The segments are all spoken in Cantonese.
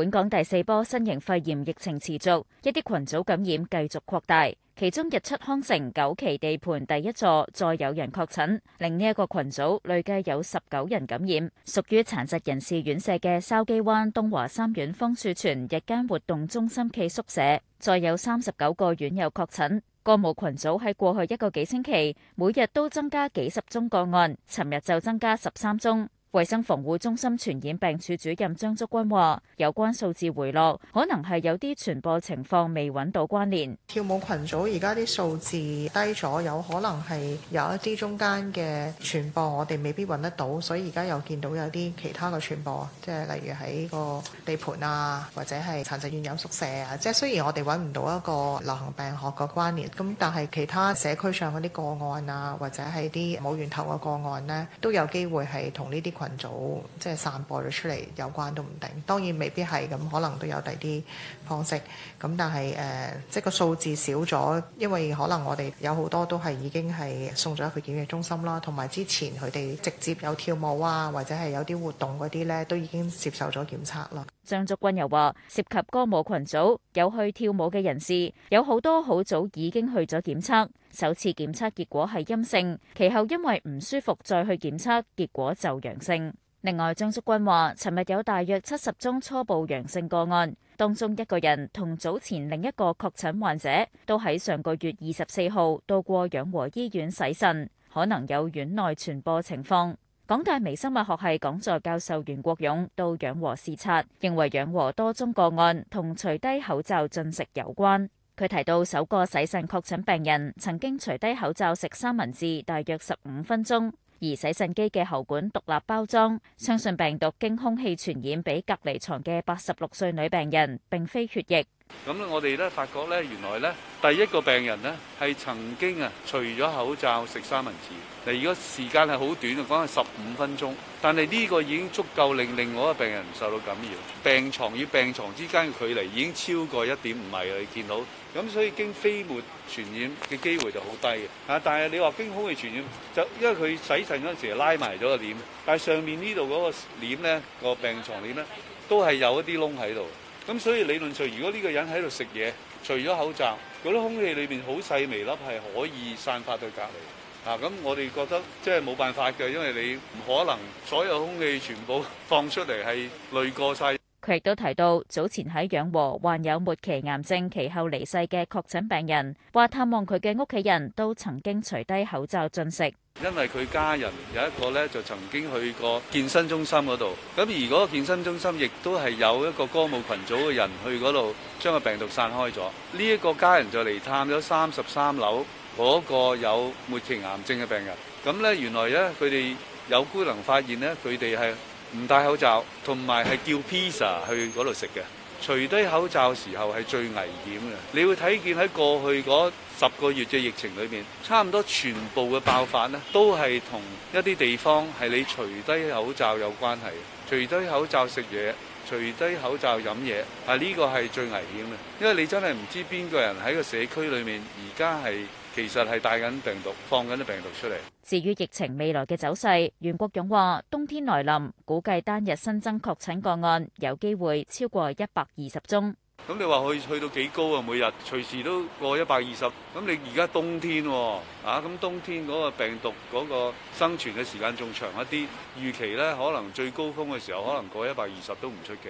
本港第四波新型肺炎疫情持續，一啲群組感染繼續擴大，其中日出康城九期地盤第一座再有人確診，另呢一個群組累計有十九人感染。屬於殘疾人士院舍嘅筲箕灣東華三院方樹泉日間活動中心暨宿舍，再有三十九個院友確診。個務群組喺過去一個幾星期，每日都增加幾十宗個案，尋日就增加十三宗。衛生防護中心傳染病處主任張竹君話，有關數字回落，可能係有啲傳播情況未搵到關聯。跳舞群組而家啲數字低咗，有可能係有一啲中間嘅傳播，我哋未必搵得到，所以而家又見到有啲其他嘅傳播，即係例如喺個地盤啊，或者係殘疾院友宿舍啊。即係雖然我哋搵唔到一個流行病學嘅關聯，咁但係其他社區上嗰啲個案啊，或者係啲冇源頭嘅個案呢，都有機會係同呢啲。群組即係散播咗出嚟有關都唔定，當然未必係咁，可能都有第二啲方式。咁但係誒，即係個數字少咗，因為可能我哋有好多都係已經係送咗去檢疫中心啦，同埋之前佢哋直接有跳舞啊，或者係有啲活動嗰啲咧，都已經接受咗檢測啦。張竹君又話：涉及歌舞群組有去跳舞嘅人士，有好多好早已經去咗檢測。首次檢測結果係陰性，其後因為唔舒服再去檢測，結果就陽性。另外，張竹君話，尋日有大約七十宗初步陽性個案，當中一個人同早前另一個確診患者都喺上個月二十四號到過養和醫院洗腎，可能有院內傳播情況。港大微生物學系講座教授袁國勇到養和視察，認為養和多宗個案同除低口罩進食有關。佢提到首，首個洗腎確診病人曾經除低口罩食三文治，大約十五分鐘。而洗腎機嘅喉管獨立包裝，相信病毒經空氣傳染俾隔離床嘅八十六歲女病人，並非血液。咁咧，我哋咧發覺咧，原來咧，第一個病人咧係曾經啊，除咗口罩食三文治。嗱，如果時間係好短，講係十五分鐘，但係呢個已經足夠令另外嗰個病人唔受到感染。病床與病床之間嘅距離已經超過一點五米啦，你見到。咁所以經飛沫傳染嘅機會就好低嘅。吓，但係你話經空氣傳染，就因為佢洗腎嗰陣時拉埋咗個簾，但係上面呢度嗰個簾咧，個病床簾咧，都係有一啲窿喺度。咁所以理論上，如果呢個人喺度食嘢，除咗口罩，嗰啲空氣裏邊好細微粒係可以散發到隔籬。啊，咁我哋覺得即係冇辦法嘅，因為你唔可能所有空氣全部放出嚟係濾過晒。佢亦都提到，早前喺養和患有末期癌症，其後離世嘅確診病人，話探望佢嘅屋企人都曾經除低口罩進食。因為佢家人有一個咧，就曾經去過健身中心嗰度。咁而嗰個健身中心亦都係有一個歌舞群組嘅人去嗰度，將個病毒散開咗。呢一個家人就嚟探咗三十三樓嗰個有末期癌症嘅病人。咁咧原來咧，佢哋有姑娘發現咧，佢哋係唔戴口罩，同埋係叫 pizza 去嗰度食嘅。除低口罩嘅時候係最危險嘅，你會睇見喺過去嗰十個月嘅疫情裏面，差唔多全部嘅爆發呢，都係同一啲地方係你除低口罩有關係，除低口罩食嘢。除低口罩飲嘢，啊呢個係最危險嘅，因為你真係唔知邊個人喺個社區裏面，而家係其實係帶緊病毒，放緊啲病毒出嚟。至於疫情未來嘅走勢，袁國勇話：冬天來臨，估計單日新增確診個案有機會超過一百二十宗。咁你話去去到幾高啊？每日隨時都過一百二十。咁你而家冬天喎、啊，啊咁冬天嗰個病毒嗰個生存嘅時間仲長一啲。預期咧，可能最高峰嘅時候，可能過一百二十都唔出奇。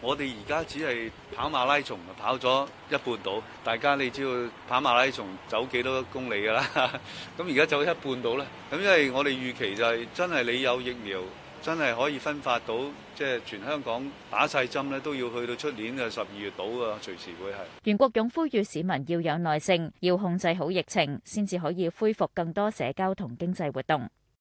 我哋而家只係跑馬拉松，跑咗一半到。大家你知道跑馬拉松走幾多公里㗎啦？咁而家走一半到咧。咁因為我哋預期就係、是、真係你有疫苗，真係可以分發到，即係全香港打晒針咧，都要去到出年嘅十二月度啊。隨時會係。袁國勇呼籲市民要有耐性，要控制好疫情，先至可以恢復更多社交同經濟活動。